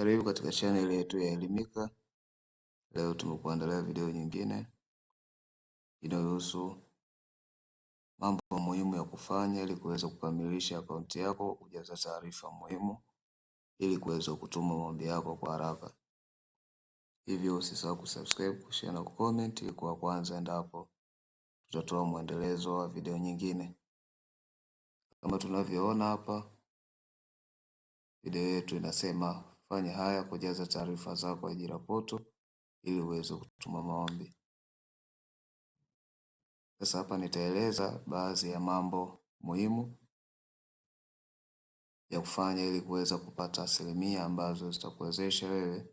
Karibu katika channel yetu ya Elimika. Leo tumekuandalia video nyingine inayohusu mambo muhimu ya kufanya ili kuweza kukamilisha akaunti yako, kujaza taarifa muhimu ili kuweza kutuma maombi yako kwa haraka. Hivyo usisahau kusubscribe, kushare na kucomment kwa kwanza endapo tutatoa mwendelezo wa video nyingine. Kama tunavyoona hapa, video yetu inasema Fanya haya kujaza taarifa zako ajira poto ili uweze kutuma maombi. Sasa hapa nitaeleza baadhi ya mambo muhimu ya kufanya ili kuweza kupata asilimia ambazo zitakuwezesha wewe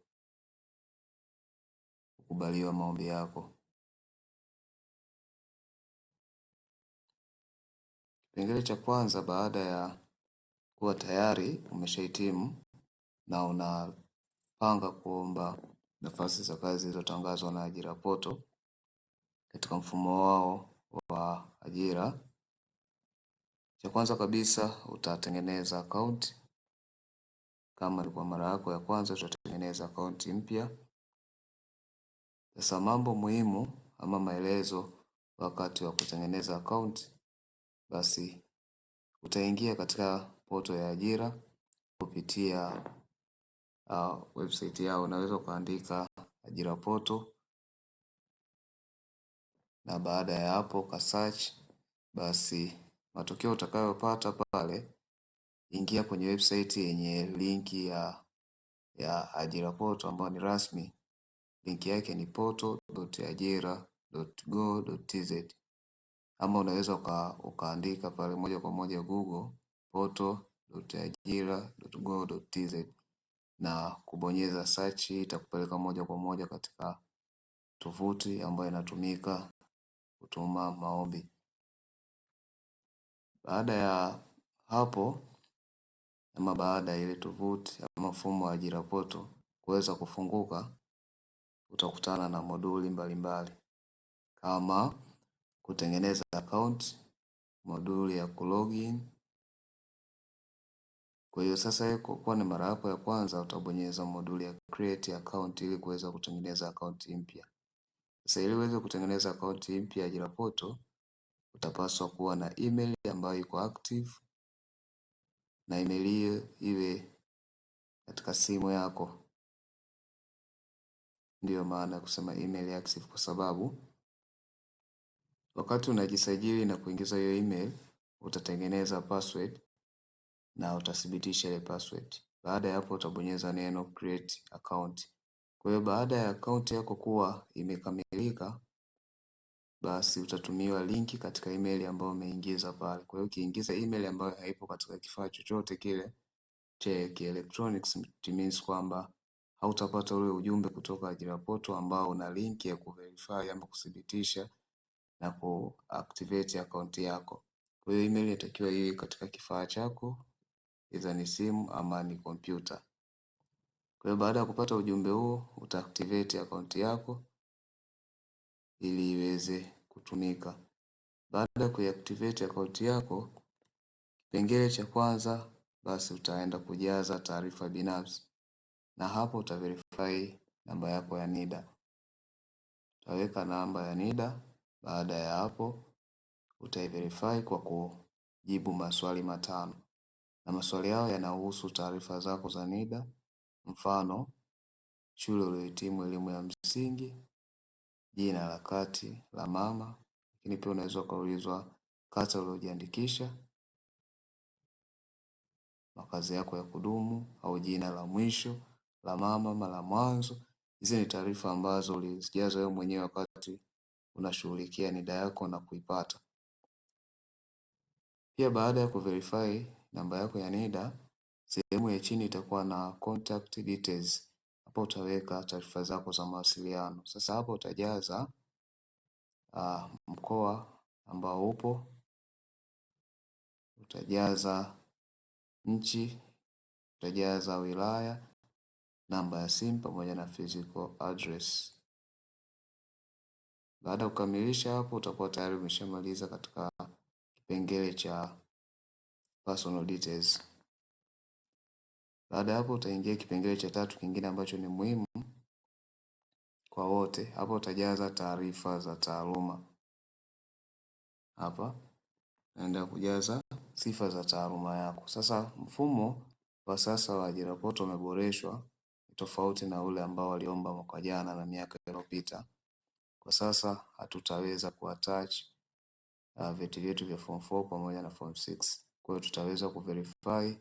kukubaliwa maombi yako. Kipengele cha kwanza, baada ya kuwa tayari umeshahitimu na unapanga kuomba nafasi za kazi zilizotangazwa na ajira poto katika mfumo wao wa ajira. Cha kwanza kabisa utatengeneza akaunti. Kama ilikuwa mara yako ya kwanza, utatengeneza akaunti mpya. Sasa mambo muhimu ama maelezo wakati wa kutengeneza akaunti, basi utaingia katika poto ya ajira kupitia website yao. Unaweza ukaandika ajira poto na baada ya hapo ka search, basi matokeo utakayopata pale, ingia kwenye website yenye linki ya ya ajira poto ambayo ni rasmi. Linki yake ni poto.ajira.go.tz ama unaweza uka, ukaandika pale moja kwa moja Google poto.ajira.go.tz na kubonyeza search itakupeleka moja kwa moja katika tovuti ambayo inatumika kutuma maombi. Baada ya hapo ama baada ya ile tovuti ama mfumo wa ajira poto kuweza kufunguka, utakutana na moduli mbalimbali mbali. kama kutengeneza account, moduli ya kulogin kwa hiyo sasa, kwa kuwa ni mara yako ya kwanza, utabonyeza moduli ya create account ili kuweza kutengeneza account mpya. Sasa ili uweze kutengeneza account mpya ya Ajira Portal, utapaswa kuwa na email ambayo iko active na email hiyo iwe katika simu yako. Ndiyo maana ya kusema email active, kwa sababu wakati unajisajili na kuingiza hiyo email utatengeneza password na utathibitisha ile password. Baada ya hapo utabonyeza neno create account. Kwa hiyo baada ya account yako kuwa imekamilika, basi utatumiwa linki katika email ambayo umeingiza pale. Kwa hiyo ukiingiza email ambayo haipo katika kifaa chochote kile cha electronics, it means kwamba hautapata ule ujumbe kutoka Ajira Portal ambao una linki ya kuverify ama kuthibitisha na kuactivate account yako. Kwa hiyo email inatakiwa iwe katika kifaa chako iza ni simu ama ni kompyuta. Kwa hiyo baada ya kupata ujumbe huo utaactivate akaunti yako ili iweze kutumika. Baada ya kuactivate akaunti yako, kipengele cha kwanza basi utaenda kujaza taarifa binafsi na hapo verify namba yako ya NIDA. Utaweka namba ya NIDA. Baada ya hapo utaiverify kwa kujibu maswali matano na maswali yao yanahusu taarifa zako za NIDA, mfano shule uliohitimu elimu ya msingi, jina la kati la mama, lakini pia unaweza ukaulizwa kata uliojiandikisha, makazi yako ya kudumu au jina la mwisho la mama ama la mwanzo. Hizi ni taarifa ambazo ulizijaza wewe mwenyewe wakati unashughulikia NIDA yako na kuipata. Pia baada ya kuverify namba yako ya NIDA sehemu ya chini itakuwa na contact details. Hapo utaweka taarifa zako za mawasiliano. Sasa hapo utajaza uh, mkoa ambao upo, utajaza nchi, utajaza wilaya, namba ya simu pamoja na physical address. Baada ya kukamilisha hapo, utakuwa tayari umeshamaliza katika kipengele cha personal details. Baada ya hapo utaingia kipengele cha tatu kingine ambacho ni muhimu kwa wote. Hapo utajaza taarifa za taaluma. Hapa naenda kujaza sifa za taaluma yako. Sasa mfumo wa sasa wa ajira portal umeboreshwa tofauti na ule ambao waliomba mwaka jana na miaka iliyopita. Kwa sasa hatutaweza kuattach uh, vyeti vyetu vya form 4 pamoja na form 6. Kwa hiyo tutaweza kuverify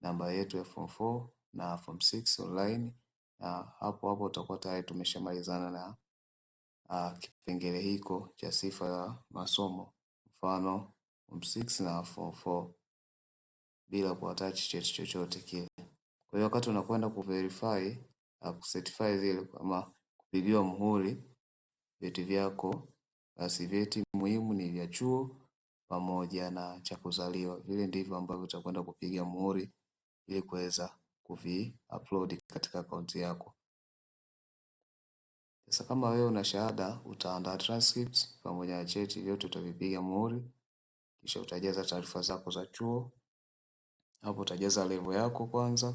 namba yetu ya form 4 na form 6 online, na hapo hapo utakuwa tayari tumeshamalizana na uh, kipengele hiko cha sifa ya masomo, mfano form 6 na form 4 bila kuattach cheti chochote kile. Kwa hiyo wakati unakwenda kuverify uh, kucertify zile kama kupigiwa muhuri vyeti vyako, basi vyeti muhimu ni vya chuo pamoja na cha kuzaliwa. Vile ndivyo ambavyo utakwenda kupiga muhuri ili kuweza kuvi-upload katika akaunti yako. Sasa kama wewe una shahada, utaandaa transcript pamoja na cheti, vyote utavipiga muhuri, kisha utajaza taarifa zako za chuo. Hapo utajaza level yako kwanza,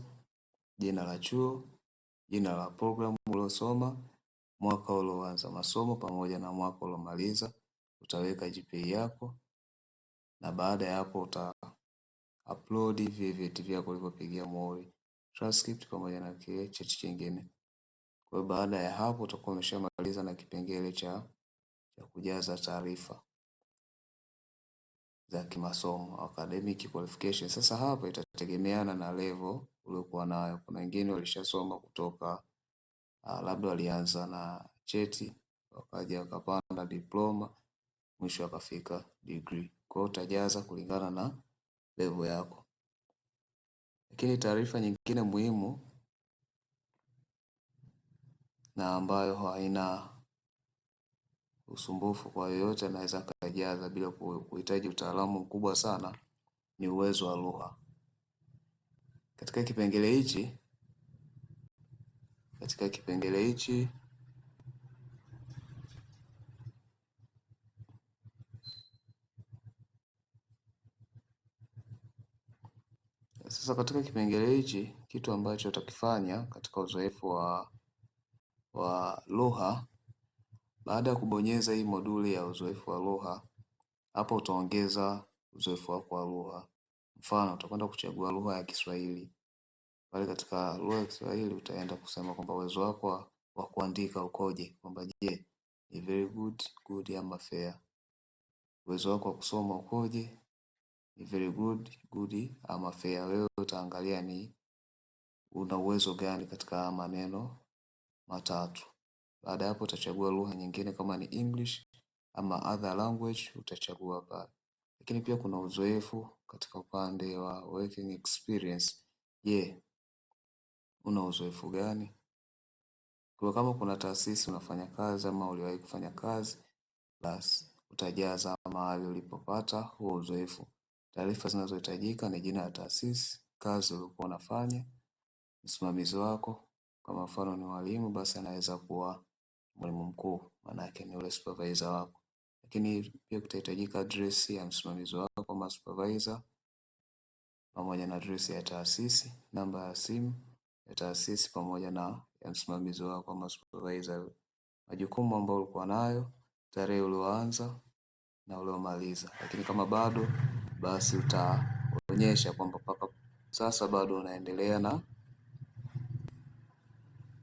jina la chuo, jina la programu uliosoma, mwaka ulioanza masomo pamoja na mwaka uliomaliza. Utaweka GPA yako na baada ya hapo uta upload vyeti vyako ulivyopigia muhuri transcript pamoja na kile cheti kingine. Kwa hiyo baada ya hapo utakuwa umeshamaliza na kipengele cha, cha kujaza taarifa za kimasomo academic qualification. Sasa hapa itategemeana na level uliokuwa nayo. Kuna wengine walishasoma kutoka uh, labda walianza na cheti wakaja wakapanda diploma mwisho akafika degree. Kwa hiyo utajaza kulingana na level yako. Lakini taarifa nyingine muhimu na ambayo haina usumbufu kwa yoyote anaweza akajaza bila kuhitaji utaalamu mkubwa sana ni uwezo wa lugha. Katika kipengele hichi katika kipengele hichi Sasa katika kipengele hichi kitu ambacho utakifanya katika uzoefu wa, wa lugha baada ya kubonyeza hii moduli ya uzoefu wa lugha, hapo utaongeza uzoefu wako wa lugha. Mfano, utakwenda kuchagua lugha ya Kiswahili. Pale katika lugha ya Kiswahili utaenda kusema kwamba uwezo wako wa kuandika ukoje, kwamba je, ni very good, good ama fair. Uwezo wako wa kusoma ukoje, ni very good good ama fair. Wewe utaangalia ni una uwezo gani katika maneno matatu. Baada ya hapo utachagua lugha nyingine kama ni English ama other language utachagua pale, lakini pia kuna uzoefu katika upande wa working experience. Je, yeah, una uzoefu gani? Kwa kama kuna taasisi unafanya kazi ama uliwahi kufanya kazi, basi utajaza mahali ulipopata huo uzoefu. Taarifa zinazohitajika ni jina la taasisi, kazi uliokuwa unafanya, msimamizi wako, kwa mfano ni mwalimu basi anaweza kuwa mwalimu mkuu, yake ni yule supervisor wako. Lakini pia kutahitajika address ya msimamizi wako kama supervisor, pamoja na address ya taasisi, namba ya simu ya taasisi pamoja na ya msimamizi wako kama supervisor, majukumu ambayo ulikuwa nayo, tarehe ulioanza na uliomaliza, lakini kama bado basi utaonyesha kwamba mpaka sasa bado unaendelea na,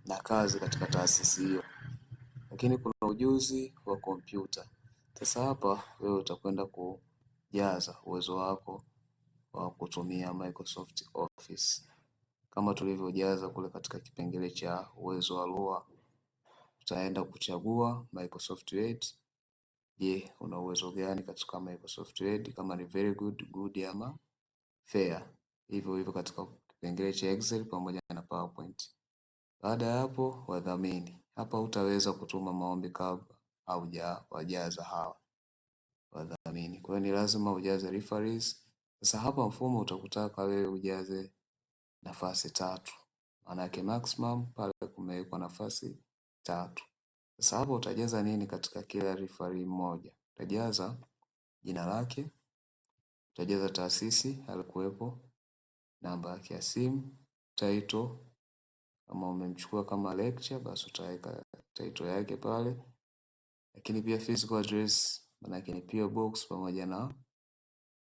na kazi katika taasisi hiyo. Lakini kuna ujuzi wa kompyuta. Sasa hapa wewe utakwenda kujaza uwezo wako wa kutumia Microsoft Office kama tulivyojaza kule katika kipengele cha uwezo wa lugha, utaenda kuchagua Microsoft Word Je, una uwezo gani katika Microsoft Word kama ni very good, good ama fair. Hivyo hivyo katika kipengele cha Excel pamoja na PowerPoint. Baada ya hapo, wadhamini hapa utaweza kutuma maombi kabla au wajaza hawa wadhamini. Kwa hiyo ni lazima ujaze referees. Sasa hapa mfumo utakutaka wewe ujaze nafasi tatu, maana yake maximum pale kumewekwa nafasi tatu. Sasa hapo utajaza nini katika kila referee mmoja? Utajaza jina lake, utajaza taasisi alikuwepo, namba yake ya simu, title kama umemchukua kama lecture basi utaweka title yake pale, lakini pia physical address manake ni PO box pamoja na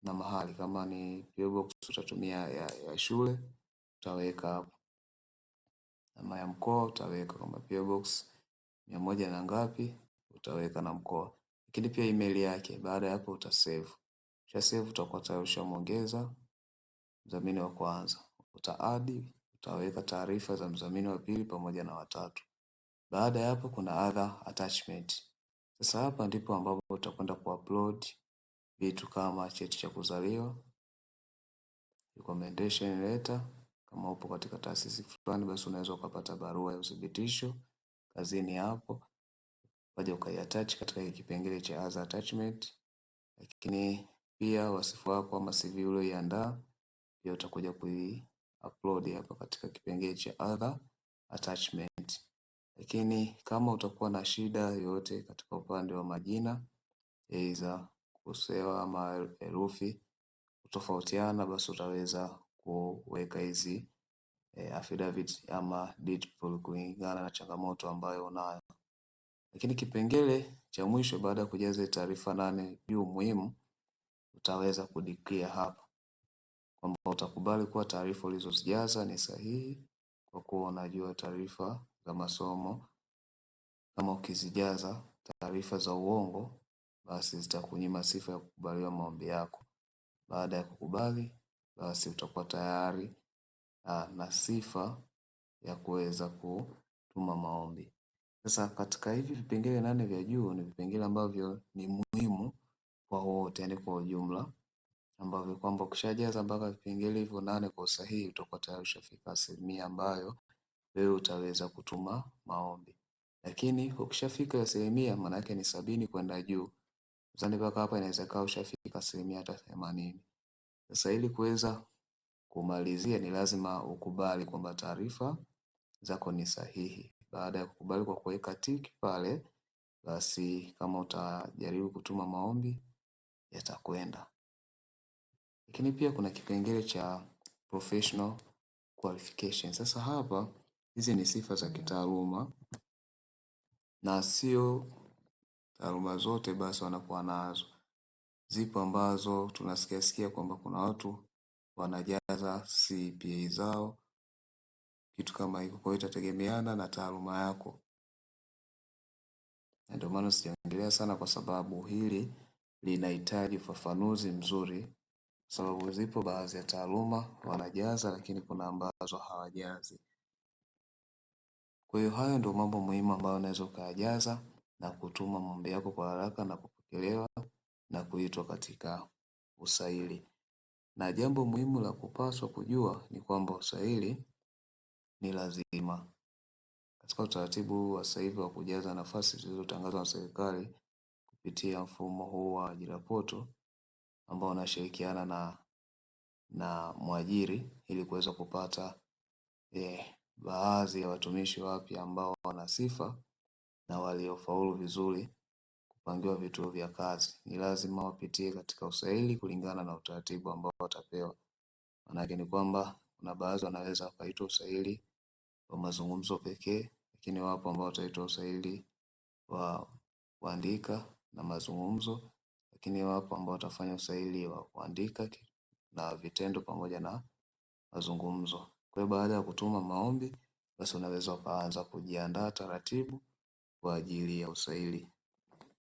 na mahali kama ni PO box utatumia ya, ya shule utaweka hapo, ama ya mkoa utaweka kama PO box mia moja na ngapi utaweka na mkoa, lakini pia email yake. Baada ya hapo utasave, kisha save utakuwa tayari ushamwongeza mdhamini wa kwanza, utaadi utaweka taarifa za mdhamini wa pili pamoja na watatu. Baada ya hapo kuna other attachment. Sasa hapa ndipo ambapo utakwenda kuupload vitu kama cheti cha kuzaliwa, recommendation letter. Kama upo katika taasisi fulani, basi unaweza ukapata barua ya uthibitisho kazini hapo, ukaja ukaiattach katika kipengele cha other attachment. Lakini pia wasifu wako ama CV ulioiandaa pia utakuja upload hapa katika kipengele cha other attachment. Lakini kama utakuwa na shida yoyote katika upande wa majina, aidha kusewa ama herufi kutofautiana, basi utaweza kuweka hizi Eh, affidavit ama deed poll kulingana na changamoto ambayo unayo. Lakini kipengele cha mwisho baada ya kujaza taarifa nane juu muhimu, utaweza kudeclare hapa kwamba utakubali kuwa taarifa ulizozijaza ni sahihi, kwa kuwa unajua taarifa za masomo. Kama ukizijaza taarifa za uongo, basi zitakunyima sifa ya kukubaliwa maombi yako. Baada ya kukubali, basi utakuwa tayari na sifa ya kuweza kutuma maombi. Sasa katika hivi vipengele nane vya juu ni vipengele ambavyo ni muhimu kwa wote, yani kwa ujumla, ambavyo kwamba ukishajaza mpaka vipengele hivyo nane kwa usahihi utakuwa tayari ushafika asilimia ambayo wewe utaweza kutuma maombi. Lakini ukishafika asilimia, maana yake ni sabini kwenda juu, mpaka hapa inaweza kaa ushafika asilimia hata themanini. Sasa ili kuweza Kumalizia ni lazima ukubali kwamba taarifa zako ni sahihi. Baada ya kukubali kwa kuweka tiki pale, basi kama utajaribu kutuma maombi yatakwenda. Lakini pia kuna kipengele cha professional qualification. Sasa hapa hizi ni sifa za kitaaluma na sio taaluma zote basi wanakuwa nazo. Zipo ambazo tunasikiasikia kwamba kuna watu wanajaza CPA zao, kitu kama hivyo. Kwa hiyo itategemeana na taaluma yako, na ndio maana sijaongelea sana, kwa sababu hili linahitaji ufafanuzi mzuri, sababu zipo baadhi ya taaluma wanajaza, lakini kuna ambazo hawajazi. Kwa hiyo hayo ndio mambo muhimu ambayo unaweza ukayajaza na kutuma maombi yako kwa haraka na kupokelewa na kuitwa katika usaili na jambo muhimu la kupaswa kujua ni kwamba usaili ni lazima. Katika utaratibu wa sasa hivi wa kujaza nafasi zilizotangazwa na serikali kupitia mfumo huu wa ajira poto ambao unashirikiana na, na mwajiri ili kuweza kupata eh, baadhi ya watumishi wapya ambao wana sifa na waliofaulu vizuri kupangiwa vituo vya kazi ni lazima wapitie katika usaili kulingana na utaratibu ambao watapewa. Maanake ni kwamba kuna baadhi wanaweza wakaitwa usaili wa mazungumzo pekee, lakini wapo ambao wataitwa usaili wa kuandika na mazungumzo, lakini wapo ambao watafanya usaili wa kuandika na vitendo pamoja na mazungumzo. Kwa hiyo baada ya kutuma maombi, basi unaweza ukaanza kujiandaa taratibu kwa ajili ya usaili.